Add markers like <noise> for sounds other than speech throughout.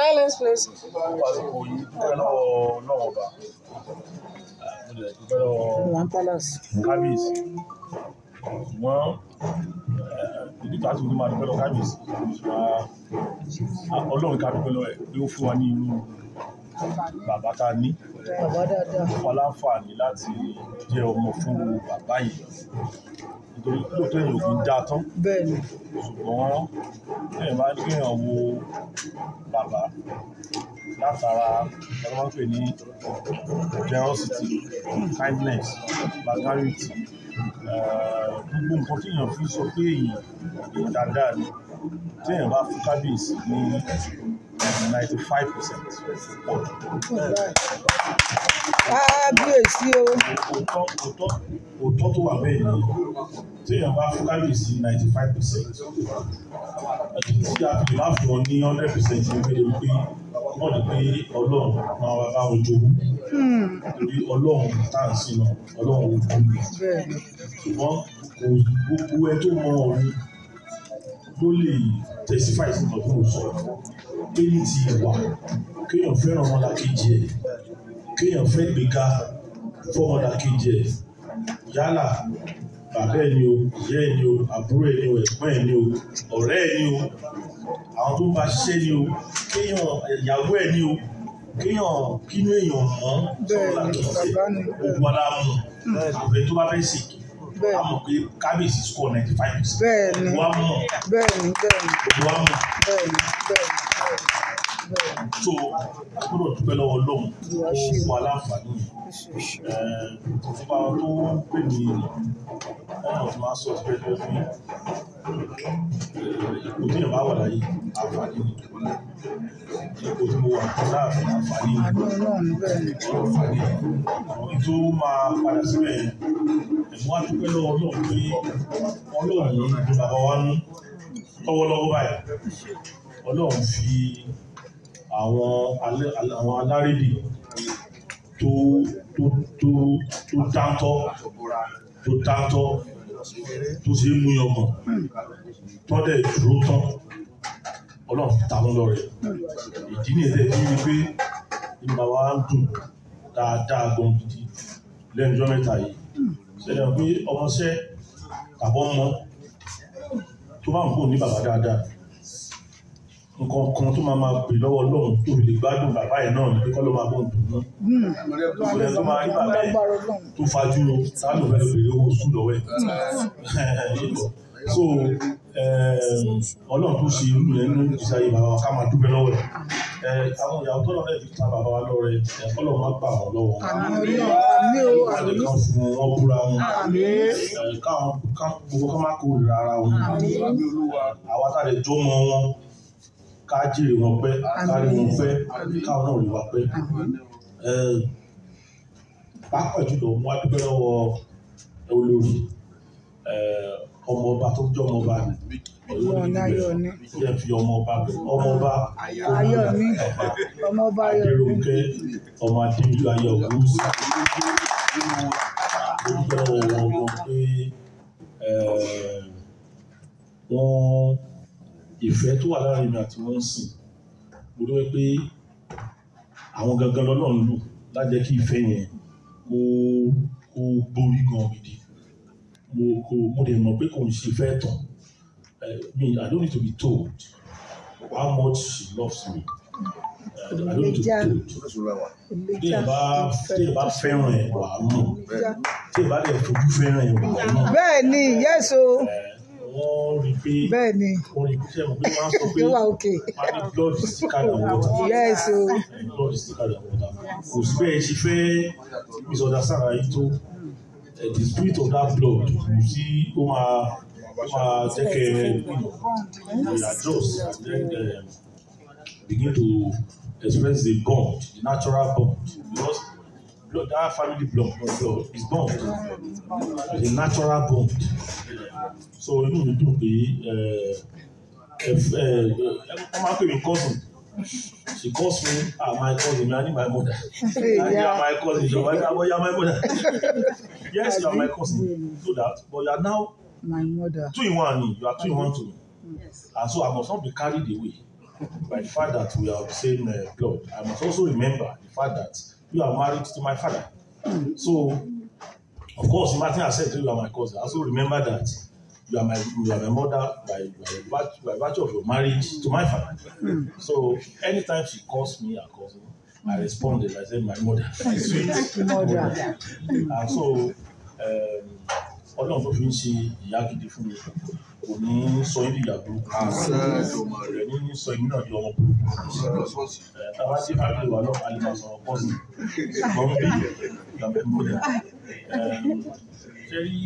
silence please. àsìkò yìí dúpẹ́ lọ́wọ́ kábíyèsí wọ́n ibi eh, tí a ti máa dúpẹ́ kábíyèsí ọlọ́run ká dúpẹ́ lọ́wọ́ ẹ̀ pé fún wa ní inú bàbá tá a bàbá dáadáa fún aláǹfààní láti jẹ́ ọmọ fún bàbá yìí nítorí lóòótọ́ èèyàn ò fi ń dá tán bẹ́ẹ̀ni ṣùgbọ́n èèyàn bá ní kéèyàn wo bàbá látara ẹ̀rọ máa ń pè ní generosity kindness barbarity eh, gbogbo nǹkan téèyàn fi sọ pé èèyàn èèyàn dáadáa ni téèyàn bá fún kábíyèsí ní ninety five percent pọ̀. kábíyèsí o òótọ́ tó wà bẹ́ẹ̀ ni téèyàn bá fún kábíyèsí ninety five percent tí a fi máa fún ọ ní hundred percent ní pé pé wọ́n lè pé ọlọ́run máa wá bá wọn jowó torí ọlọ́run tá à ń sìn náà ọlọ́run ò kú mi ṣùgbọ́n kò gbogbo ẹ tó mọ ọ̀run ló lè testify sí ọdún òsọ pé ní ti ìwà kéèyàn fẹ́ràn ọmọlàkejì ẹ̀ kéèyàn fẹ́ gbéga fọ́mọlàkejì ẹ̀ yálà bàbá ẹ̀ ni o ìyá ẹ̀ ni o àbúrò ẹ̀ ni o ẹ̀gbọ́n ẹ̀ ni o ọ̀rẹ́ ẹ̀ ni o àwọn tó bá ṣiṣẹ́ ni o kéèyàn ìyàwó ẹ̀ ni o kéèyàn kínú èèyàn mọ́ sọ̀rọ̀ làkìyàn ogun aláàmú àbẹ̀ tó bá fẹ́ sì àmọ̀ pé kábíyèsí score ninety five percent. bẹ́ẹ̀ni bẹ́ẹ̀ni bẹ́ẹ̀ni bẹ́ẹ̀ni bẹ́ẹ̀ni so gbọ́dọ̀ dúpẹ́ lọ́wọ́ Ọlọ́run fún wa láǹfààní ọ̀fọ̀fà tó pè ní ọ̀nà tí wọ́n á sọ ọ̀fẹ́ tó fi ipò tí ìyàbá wà láyé àǹfààní ipò tí mo wà láàfin àǹfààní àǹfààní tó máa padà síbẹ̀ ẹ̀mú àdúpẹ́ lọ́wọ́ Ọlọ́run pé Ọlọ́run bàbá wa ń lọ́wọ́lọ́wọ́ báyìí Ọlọ́run fi àwọn àwọn alárédì tó tó tó tó dáńtọ́ tó dáńtọ́ tó ṣe é mú yangàn tọ́dẹ̀ dúró tán ọlọ́run ta wọn lọ rẹ̀ ìdí ni ẹ̀dẹ̀ yìí ni pé ìgbà wa ń dùn dáadáa gan gidi lẹ́nu ọjọ́ mẹ́ta yìí ṣẹlẹ̀ pé ọmọṣẹ́ tàbọ̀ mọ́ tó bá ń kó ní bàbá dáadáa nǹkan kan tó máa máa pè lọ́wọ́ ọlọ́run tó lè gbádùn bàbá yẹn náà nípa kọ́lọ́ máa bọ̀ dùn náà hmm. ìṣòro tó máa rí bàbá yẹn tó fajú sáàlù fẹ́ pè owó sùn lọ́wọ́ hmm. Hmm. so eh, ọlọ́run tó ṣe irú rẹ̀ nínú ìṣe ayé bàbá wa ká máa dúpẹ́ lọ́wọ́ ẹ̀ eh, àwọn ìyàwó tó lọ́rẹ́ fi ta bàbá wa lọ́rẹ́ eh, ọlọ́run má bà wọ́n lọ́wọ́ àdìkan fún wọn búra wọn káwọn gbogbo ká má kó rárá wọn àwa tá ká jèrè wọn pẹ́ ká rí wọn pẹ́ káwọn náà rí wa pẹ́ pàápàá jùlọ mo wá dúpẹ́ lọ́wọ́ olórí ọmọọba tó jẹ́ ọmọọba mi olórí ìbílẹ̀ fi ọmọọba ọmọọba ayọ̀mí ọmọọba ayọ̀mí ọmọ adébíyọ ayọ̀ gúúsù dúpẹ́ lọ́wọ́ wọn ìfẹ́ tó wà láàrin mi àti wọ́n ń sìn mo dúpẹ́ pé àwọn gangan lọ́lọ́run lò lájẹ́ kí ìfẹ́ yẹn kó kó borí gan gidi mo kò mo dẹ̀ mọ̀ pé kò ń ṣe fẹ́ tán mi I don't need to be told how much she loves me I don't need to be told tí ẹ bá tí ẹ bá fẹ́ràn ẹ wà á mọ̀ tí ẹ bá dẹ̀ fojú fẹ́ràn ẹ wà á mọ̀. bẹ́ẹ̀ ni yẹ́sọ. So. Uh, wọ́n rí pé bẹ́ẹ̀ni wọ́n yes o kò sí bẹ́ẹ̀ ṣe fẹ́ misunderstand ayé tó eh, the spirit of that blood kò sí ó máa ó máa jẹ́ kẹ́ eh, adjust and then uh, begin to express the bond the natural bond because. blood, our family blood, blood is born. It's a natural bond. So you inú mi dùn pé I'm pè mí cousin. She calls me, ah, my cousin, I need my mother. Hey, my cousin, you're my, well, you're my mother. <laughs> yes, you are my cousin. Do that. But you are now my mother. Two in one, you are two in one to me. Yes. And so I must not be carried away by the fact that we are the same uh, blood. I must also remember the fact that you are married to my father. So, of course, Martin has said you are my cousin. Also remember that you are my you are my mother by by, by virtue of your marriage to my father. Hmm. So anytime she calls me a cousin, I responded. I said my mother. <laughs> Sweet And so, all um, tó fi ń ṣe ìyá gidi kò ní sọ yín ìyá burúkú rẹ̀ ní sọ yín náà di ọmọ burúkú táwa sí àgbẹ̀ wa náà alẹ́ máa sọ̀rọ̀ pọ̀ sí ṣùgbọ́n bí ìyàbẹ̀ ń bọ̀dà ṣẹ́rí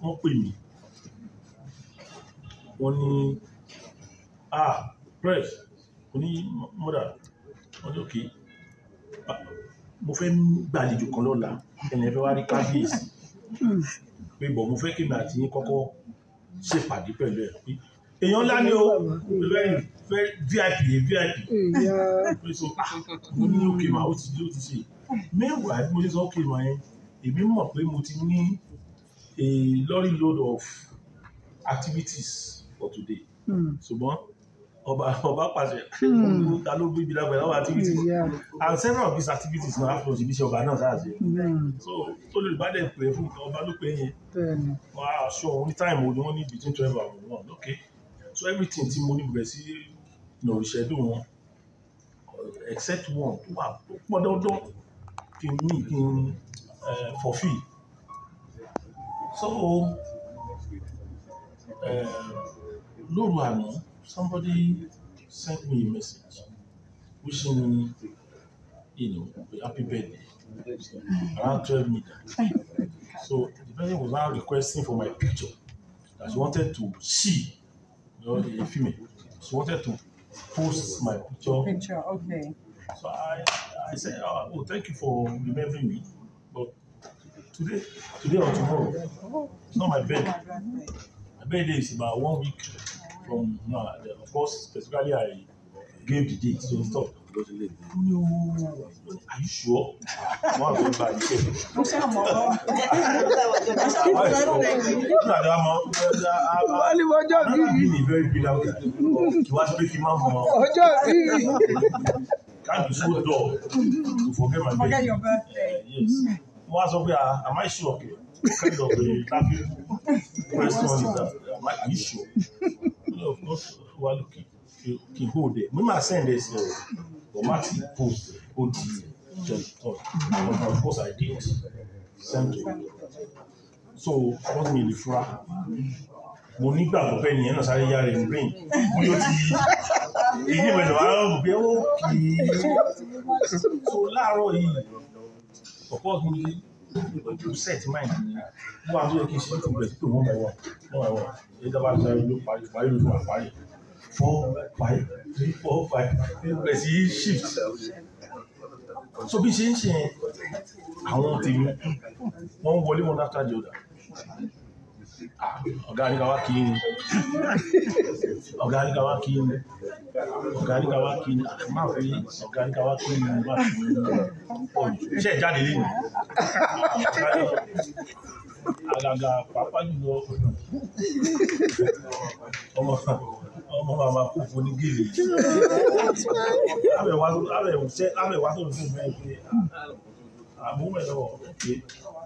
wọ́n pè mí wọ́n ní ah press kò ní mọ́dà wọ́n ní òkè mo fẹ́ gbàlejò kan lọ́la ẹ̀yìn ẹ̀fẹ́ wá rí kábíyèsí pé bọ̀ mo fẹ́ kí mi àti yín kọ́kọ́ ṣèpàdé pẹ̀lú ẹ̀ pé èèyàn ńlá ni o fẹ́ vip yẹn vip pé so ah mo ní òkè mà ó ti ó ti ṣe mẹ́wàá bí mo ṣe sọ òkè mà yẹn èmi mọ̀ pé mo ti ní a lorry load of activities for today hmm. ṣùgbọ́n. Mm. So, bon, ọba ọba pàṣẹ hmm. ta ló bí ìbílẹ̀ pẹ̀lú àwọn activities hmm, and several of these activities na afro ìbísẹ̀ ọba náà ṣáàṣì so tó lè bá dẹ̀ pè fún ọba ló pè yẹn wọ́n á aṣọ orí time wo ni wọ́n ní between twelve and one okay so everything tí mo ní bẹ̀rẹ̀ sí ìṣẹ́dù wọn except one tó wà pọ̀ dandan kí n ní kí n eh, fulfill so eh, lóru àná somebody sent me a message wishing me, you know, a happy birthday around 12 midnight. So the person was now requesting for my picture that she wanted to see, you know, a female. She wanted to post my picture. Picture, okay. So I, I said, oh, oh, thank you for remembering me, but today, today or tomorrow, it's not my birthday. My birthday is about one week from now, uh, of course, specifically, I gave the date, so stop. are you sure? Wọ́n àgbẹ̀ gba ìṣe. Mo ṣe àmọ́ ọ́. Wọ́n ní ọjọ́ bíbí. Ọjọ́ bíbí. Can't be so dull to forget my birthday. Forget your birthday. Uh, yes. Wọ́n sọ pé, ah, am I sure? Kind of a traffic question <laughs> is that, am I sure? not wá lókè kì í hold ẹ̀ mi máa send ẹ̀ sí ọ̀ ọ̀ má ti post hold ẹ̀ just talk but of course I did send to you so wọ́n mi lè fura mo nígbàgbọ́ pé nìyẹn náà sáré yára ẹ̀ brain mo yóò ti ìdí ìwé ìdọ̀wà ọ̀rọ̀ gbé ó kì í so láàárọ̀ yìí of course mo lè ìgbẹ̀jọ set mind ní wọ́n á tó yẹ kí n ṣe ní ìgbẹ̀ tó wọ́n mọ̀ wọ́n mọ̀ wọ́n èyí tó bá ti ló parí parí ló fún àparí four five three four five bẹ̀rẹ̀ sí shift so bí ṣe ń ṣe àwọn tèmi wọ́n wọlé wọn láti dà ọ̀gá ni ká wá kí ni ọ̀gá ni ká wá kí ni ọ̀gá ni ká wá kí ni ah, má fi ọ̀gá ni ká wá kí ni má fi ṣe ìjáde lé mi àgàgà pàápàá jùlọ ọmọ ọmọ màmá kò fún ní gèlè àbẹ̀wá tó ah, ń fún mi pé àbúrò ẹ̀ lọ́wọ́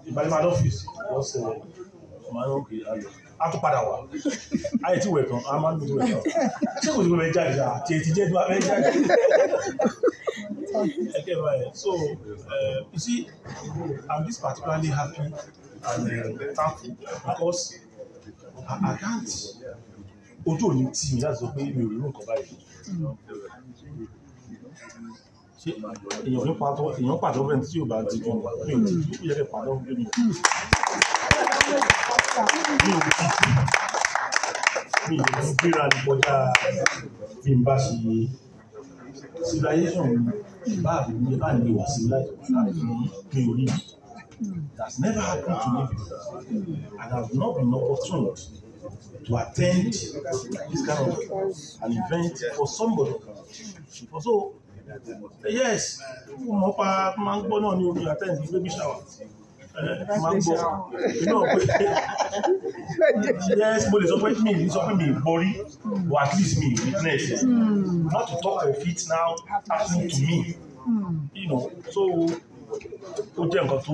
ìbálẹ̀ máa lọ́fíìsì lọ́sẹ̀ rẹ̀ máa ń òkè ayọ̀ a padà wá <laughs> ayé tí wẹ̀ tán a máa ń dúró ẹ̀ tán ṣé kò sí pé jáde ṣáà tiẹ̀ ti jẹ́ tó bá fẹ́ jáde ẹ̀kẹ́ <laughs> báyẹn so eh, you see I'm this particularly happy and eh, thankful because I, I can't ojú òní tì mí láti sọ pé mi ò rí nǹkan báyìí ṣé èèyàn ní pàtó èèyàn pàtó bẹ́ẹ̀ tí yóò bá ti dùn mí ò tí yóò yẹ kí pàtó bẹ́ẹ̀ mi that's never happened to me before and I've not been opportunity to attend this kind of an event for somebody so yes mo pa máa ń gbọ́ náà ní omi attend baby shower. Eh, máa ń yes mo lè sọ pé mi ní sọ pé mi borí or at least mi witness hmm. not to talk of it now happen to me mm. you know so ó jẹ́ nǹkan tó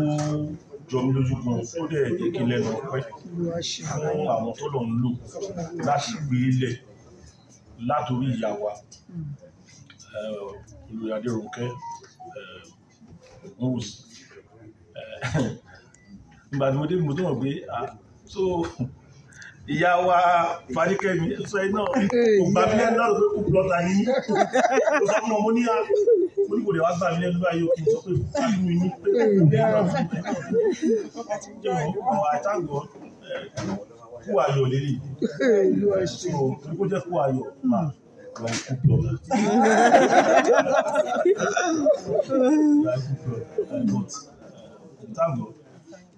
jọ mí lójú gan tó dẹ̀ jẹ́ kí n lẹ́nu ọpẹ́ fún àwọn tó lọ ń lò láti gbé lẹ̀ látòrí ìyá wa eh, olùyàdé ronke eh, rose <laughs> ìgbà tí mo dé mo tó mọ̀ pé ah, so ìyá wa fadékẹ́mi sọ iná ògbà mi lẹ́nu náà ló pé kò blọ́ta yín kò sọ fún ọmọ níyà ah, mo ní kò lè wá gbà mí lẹ́nu báyìí òkè sọ pé fáìlì mi ní pé kò lè wá fún mi. ṣé mo mọ àtàgbọ́ kú ayọ̀ lélẹ̀ so kó jẹ́ kú ayọ̀ máa lọ kú blọ́. Thank God.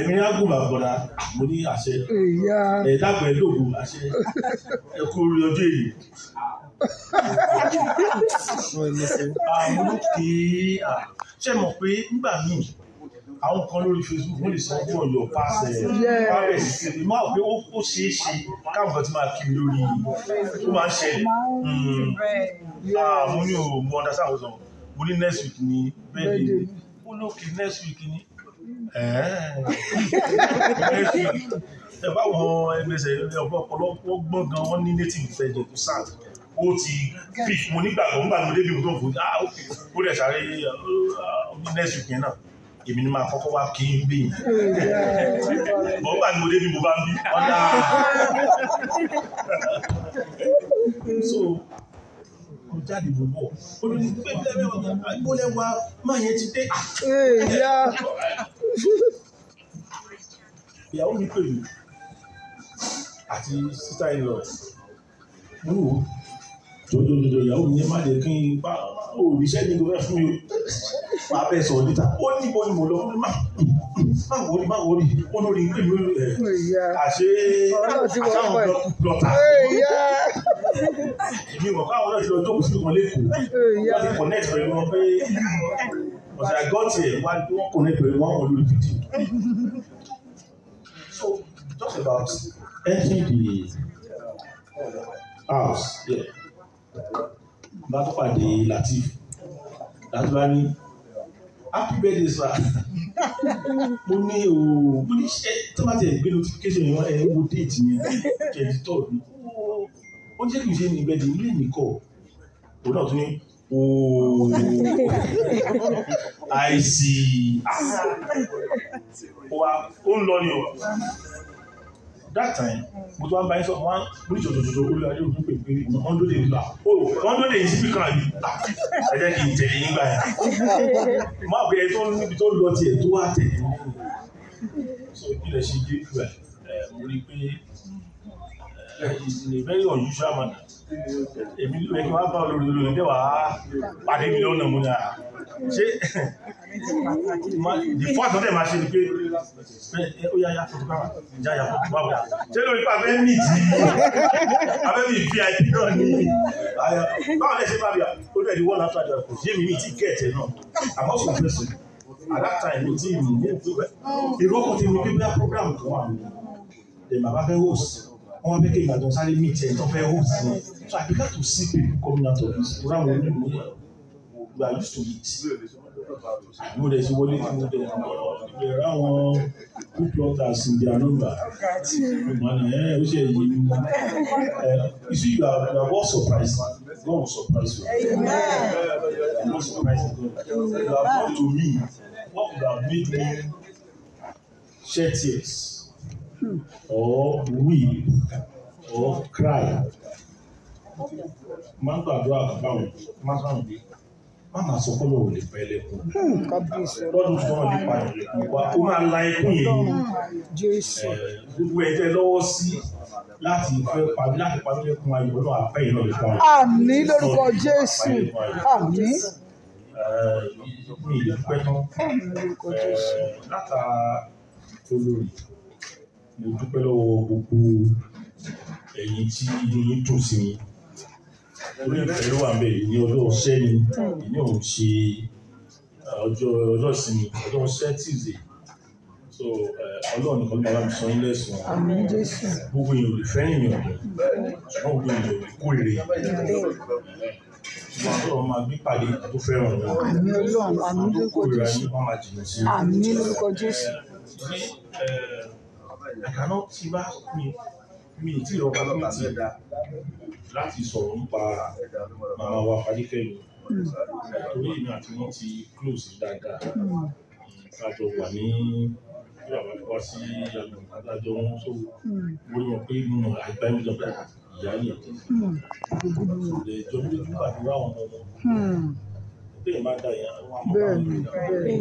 ẹ̀mí ágùn bàbọ̀dà mo ní àṣẹ ẹ̀ẹ́dàgbọ̀ ẹ̀dógún àṣẹ ẹ̀kú orí ọjọ́ èyí. àmúlò kì ṣe mọ̀ pé nígbà míì àwọn kan lórí Facebook wọ́n lè sọ fún ọ̀yọ́ pàṣẹ pàṣẹ ìsinmi máa pé ó ṣeé ṣe káwọn kan ti máa kí lórí ó máa ń ṣẹlẹ̀ hmm. mo ní mo understand mo sọ mo ní next week ni bẹ́ẹ̀ ni ó next week ni ẹ báwọn ẹgbẹ́sẹ̀ ọ̀pọ̀ ọ̀pọ̀lọpọ̀ gbọ́n gan wọ́n ní native fẹ́ jẹ sáà ó ti fi mo nígbàgbọ́ nígbà tó débi òun tó ń ah ok ó dẹ̀ sáré next week náà èmi ni máa kọ́kọ́ wá kí n bí yìí bọ́n bá ní débi mo bá ń bí ọ̀dà so jáde bò bọ̀ olùdíje pé bílẹ̀ mẹ́wàá wa máa yẹn ti dé. ìyàwó mi pè mí àti sísá yìí lọ mú o jòjòjòjò ìyàwó mi ní má jẹ́ kí n bá òrìṣẹ́ ní gbogbo fún mi o máa bẹ sọ̀rọ̀ níta ó ní bọ́ ni mo lọ má má wọlé má wọlé wọn lórí ìlú ẹ àṣé àṣà àwọn lọta mi mọ̀ káwọn náà ti lọ sí ìkan lẹ́kọ̀ọ́ wọ́n ti connect pẹ̀lú wọn pé ọ̀sẹ̀ àgọ́tì ẹ̀ wá wọ́n connect pẹ̀lú wọn wọn lórí fídíò. So talk about entering the house there bá tó pàdé Latif láti bá ní happy birthday sir mo ní o oh. mo ní ṣe tó bá ti ẹ̀ gbé notification yẹn ẹ̀ wo date yẹn kẹ̀ẹ́dì tọ́ọ̀dù ó jẹ́ kìí ṣe ní ilé mi òun náà tún ní ooo àìsí wa ó ń lọ ni o that time mo tún wá ń bá yín sọ wọn mo ní olú ayé òun pè pé wọn ló lè gbà ó wọn ló lè kan yìí ẹ jẹ́ kí n tẹ̀lé yín gbà yẹn má bẹ̀rẹ̀ tó níbi tó lọ tiẹ̀ tó wá tẹ̀lé wọn so ìpínlẹ̀ ṣe dé ìgbà ẹ̀ mo rí i pé is in a very unusual manner èmi ló yẹ kí wọ́n bá olórí olórí dé wàá pàdé mi lọ́nà mú náà ṣé <laughs> the fourth ọ̀dẹ̀ máa ṣe ni pé ó yá yá fọ́tò báwa ìjà yà fọ́tò báwa ṣé lórí pa abẹ́ mi tì í abẹ́ mi fi àìsí náà ní báwọn ẹ̀ ṣe bá mi à ó dẹ̀ di one after the other kò yé mi mi tí kẹ̀ẹ̀tẹ̀ náà àmọ́ kò fẹ́ sọ at that time mi tí mi ní ìlú ọkọ̀ tí mo gbé bí i program kan wà ní ẹ̀ màmá fẹ́ wò sí i wọ́n fẹ́ kí ìbàdàn sáré mí tiẹ̀ tó fẹ́ hó sí i so I began to see people coming out of this. to ra wọn nínú wọn we are used to it mo dẹ̀ ṣe wọlé fún dẹ̀ ẹ̀ ra wọn two plotters in their number ìmọ̀nà ẹ̀ ó ṣe èyí ni you see you are you are all surprised God will surprise you you no surprise God you have come to me what would have made me shed tears or weep or cry. Má gbàdúrà báwọn má sáwọn bí. Má máa sọ pé òun lè pẹ́ lẹ́kùn. Lọ́dún tí wọ́n lè pa ìlẹ̀kùn wa, ó máa la ẹkún yẹn. Gbogbo ẹ̀jẹ̀ lọ́wọ́ sí láti fẹ́ pàdé láti pàdé lẹ́kùn ayọ̀ náà àpẹ́ ìlú ìfọ̀. Àmín lórúkọ Jésù. Àmín ìjọba ìlú pẹ́ tán látà olórí mo dúpẹ́ lọ́wọ́ gbogbo ẹ̀yin tí inú yín dùn sí mi orí ìfẹ́ ló wà ń bẹ̀ ní ọjọ́ ọ̀sẹ́ ni ìní òun ṣe ọjọ́ ọjọ́ ìsinmi ọjọ́ ọ̀sẹ́ tíìzì so ọlọ́run nìkan ló máa bá mi sọ ilé ẹ̀sùn gbogbo èèyàn ò lè ọ̀dọ̀ ṣùgbọ́n gbogbo èèyàn ò lè kó wọn máa gbé pàdé tó fẹ́ràn wọn àmì ọlọ́run àmì lórúkọ jésù àmì lórúkọ jésù. I cannot see ṣe bá mi mi tí ìrọ̀ bá mi tì láti sọ̀rọ̀ nípa màmá wa Fadékẹ́mi torí èmi àti wọn ti close dáadáa àjọ wà ní ìgbà wà wá sí àwọn adájọ́ wọn tó wọ́n yàn pé nínú àgbá mi lọ́pẹ́ ìyá yẹn. Ìjọba ìjọba àdúrà ọmọ wọn. Hmm bẹ́ẹ̀ni bẹ́ẹ̀ni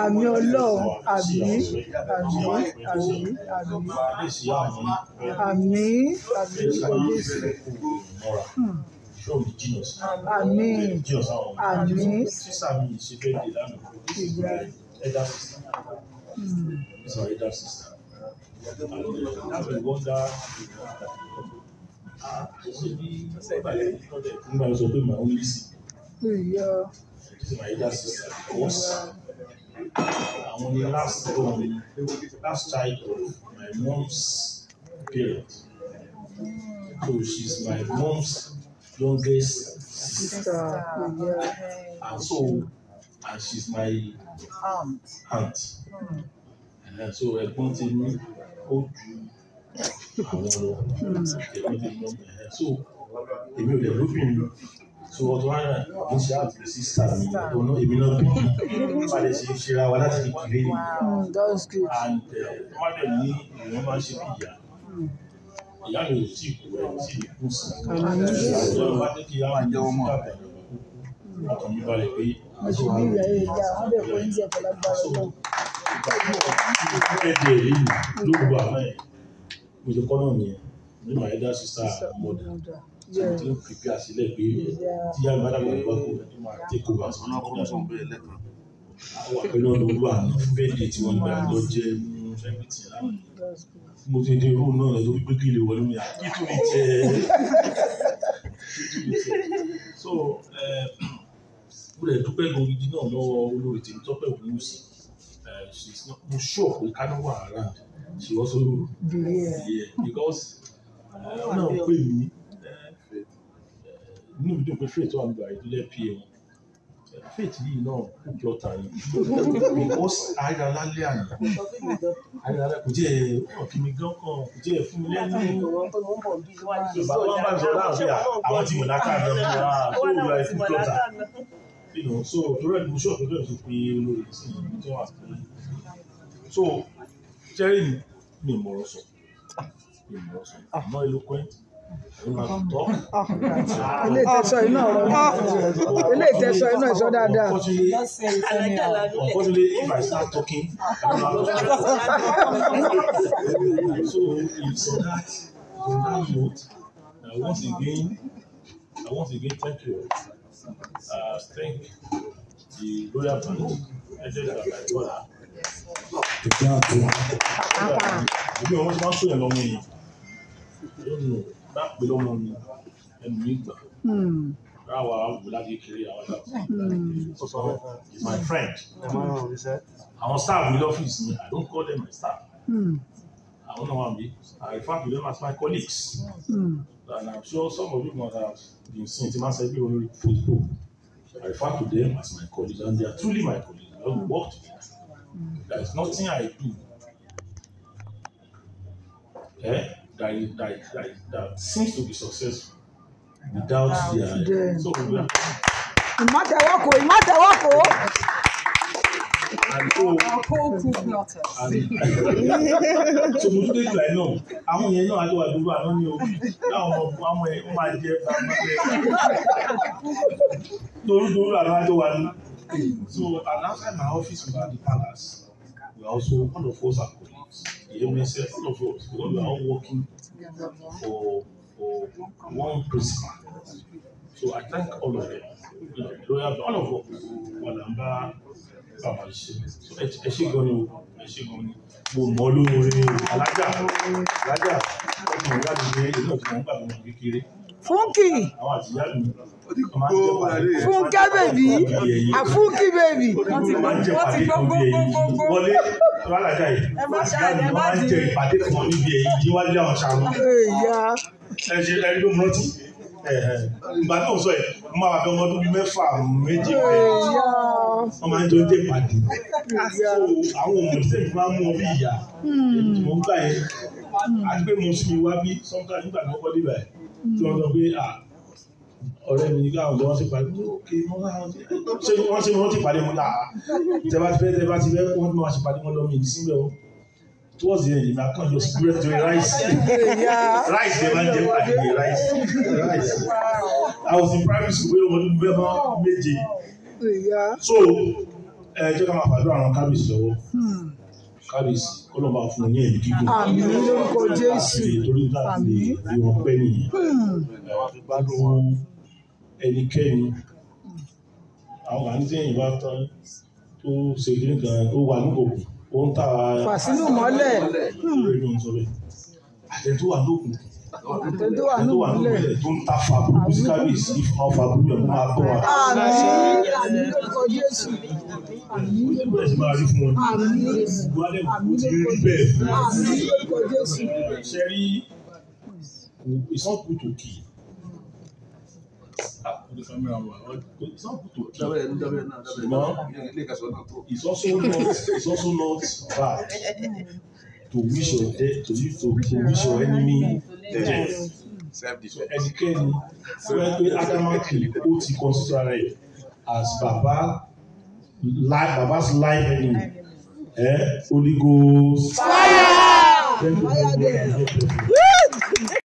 àmì Ọlọ́run àmì àmì àmì àmì àmì àmì Jésù àmì àmì ìgbà ìyá àwọn ni last born last child of my mom's parent so she's my mom's youngest sister and so and she's my aunt hmm. and so ẹ̀gbọ́n ti ní ó àwọn lọ hmm. ẹ̀gbọ́n ti mọ so èmi ò lè lóbìnrin so ọ̀tọ̀ ara mo ṣe àtúnṣe sísà mi ọ̀tọ̀ náà èmi náà bí balẹ̀ <laughs> ṣe ṣera wa láti kékeré ni and eh, wọ́n ní ìwọ̀n máa ń ṣe bí ìyá hmm. ìyá mi ò tí kú ẹ̀ tí ì kú sí ọjọ́ ìwádìí kí á máa jẹ́ ọmọ àbẹ̀rẹ̀ ọkàn mi balẹ̀ pé mo ti kọ́ náà nìyẹn ní màá dá sísà mọ́dà tí ó pìpì àsílẹ̀ pé tí yá ìbára mi wá kó tó máa tẹ́ kó sọ. ọ̀nà ọkọ̀ sọ̀rọ̀ bẹ́ẹ̀ lẹ́kan. àwọn àpẹẹrẹ olùwà bẹ́ẹ̀dì tí gbà lọ jẹ́ mo ti di irú náà lọ pé kí lè wọlé mi àkíkú mi jẹ́ so eh, mo lè dúpẹ́ gbòógì náà lọ́wọ́ olórí tèmi tọ́pẹ́ òun sí eh, mo sure pé kánú wà around she also yeah because ọ̀nà eh, pè mí inú mi dùn pé faith wà nígbà ìdílé pa wọn faith yìí náà kò jọ ta ni because ayélujára lé àyè ayélujára kò jẹ́ ọ̀kìnrin gan kan kò jẹ́ fún mi lẹ́nu bàbá wọn bá sọ láàbí àwọn tí mo láká àná mi wá kó o lọ ẹkú tọ́ta so torí ẹni mo ṣọ́ọ̀tún tó pe olórí sí ibi tó wà pé so jerry mi mọ̀rọ̀ sọ mi mọ̀rọ̀ sọ àmọ́ eloquent ilé ìtẹ̀sọ iná ọ̀rọ̀ ilé ìtẹ̀sọ iná ìsọ dáadáa. Unfortunately, if I start talking, so it's on that on that note. Uh, once again, uh, once again, thank you. Uh, thank the royal family, Ẹ̀jẹ̀ Àgbàdúrà. Ìgbà àdúrà. Ìgbà àdúrà. Ìgbà àdúrà. Ìgbà àdúrà. Ìgbà àdúrà bá pè lọ́mọ mi ẹnu mi gbà hmm. ráwa wò kiri àwọn ọ̀dọ́ hmm. is my friend àwọn staff mi lọ́fíìsì mi I don't call them my staff hmm. àwọn náà wà mí I refer to them as my colleagues and I'm sure some of you must have been seen ti máa ṣe bí olórí Facebook I refer to them as my colleagues and they are truly my colleagues I don't work together there is nothing I do. Eh? that you, that that, that seems to be successful without wow, their the, so we are. ìmọ̀tẹ̀wọ́kọ̀ ìmọ̀tẹ̀wọ́kọ̀. and oh, so and <laughs> so mo tún dé ìgbà yẹn náà àwọn yẹn náà adéwà dúró àná ni o láwọn ọmọ àwọn ẹ ó máa jẹ bá máa jẹ dúró dúró àná adéwà ni so and outside my office we had the palace we also one of us are the MSF, all of us, because we are all working for, for one principle. So I thank all of them, you know, all of us, Walamba, ẹ ṣe gan ni o ẹ ṣe gan ni mo mọ lóore alájà alájà ọkùnrin ìyá mi gbé ilé ọ̀sán nígbà tó wọn kékeré. fúnkì fúnkẹ́ bèbí àfúnkì bèbí. wọ́n ti gbọ́ gbogbogbò. wọlé alájà yìí máa ń jẹ ìpàdé kan níbi èyí níwájú àwọn ṣàrùn. ẹ ṣe ẹ ló mú rántí ìgbà náà sọ yìí mo máa bẹ ọmọ bíi mẹ́fà méje wọ́n máa ń jọ jẹ́ ìpàdé ah, àwọn ọmọ ìṣe ìfúnra mú ọ bí ìyá hmm. mo ń gbà yẹn àti pé mo sì wá bí sọ́ńtà nígbà tó kọ́ débà yẹn tí wọ́n sọ pé ọ̀rẹ́ mi ní káwọn ọ̀dọ́ wọn ti parí wọ́n ṣe wọ́n ti parí wọn láà tẹ́bá ti fẹ́ tẹ́bá ti fẹ́ wọ́n máa ṣe parí wọn lọ́mọ ìdí síbẹ̀ o towards the end ìgbà kan yóò spirit to rice rice dey máa ń pàdé rice rice I was in primary school wey wọ́n ti gbẹ́ méje so ẹ jẹ́ ká máa pàdé àwọn kábíyèsí lọ́wọ́ hmm. kábíyèsí kọ́lọ́ba fún un ní ẹ̀mí gígùn àmì lórúkọ jésù torí láti ìwọ̀n pẹ́ nìyẹn hmm. gbádùn ẹnikẹ́ni àwọn àní tí èyí bá tán tó ṣe kí nìkan ó wà nípò ó ń ta fàṣínú mọ́lẹ̀ lórí wà lókùnkùn tó wà nínú ilẹ̀ tó ń ta fàbùkù síkàbí sí fún fàbùkù ẹ̀ máa tọ́ wa. àmín àmín lórúkọ jésù. àmín àmín jésù. àmín lórúkọ jésù. ṣe rí ìsọ̀kù tó kì í. It's not good to no. It's also not. It's also not bad to wish your to, to, to wish your enemy ẹnikẹ́ni fẹ́ pé ádámàkì ó ti consider rẹ̀ as baba life baba's life enemy eh? Holy Ghost fire. fire. fire. fire. fire. fire. fire. fire.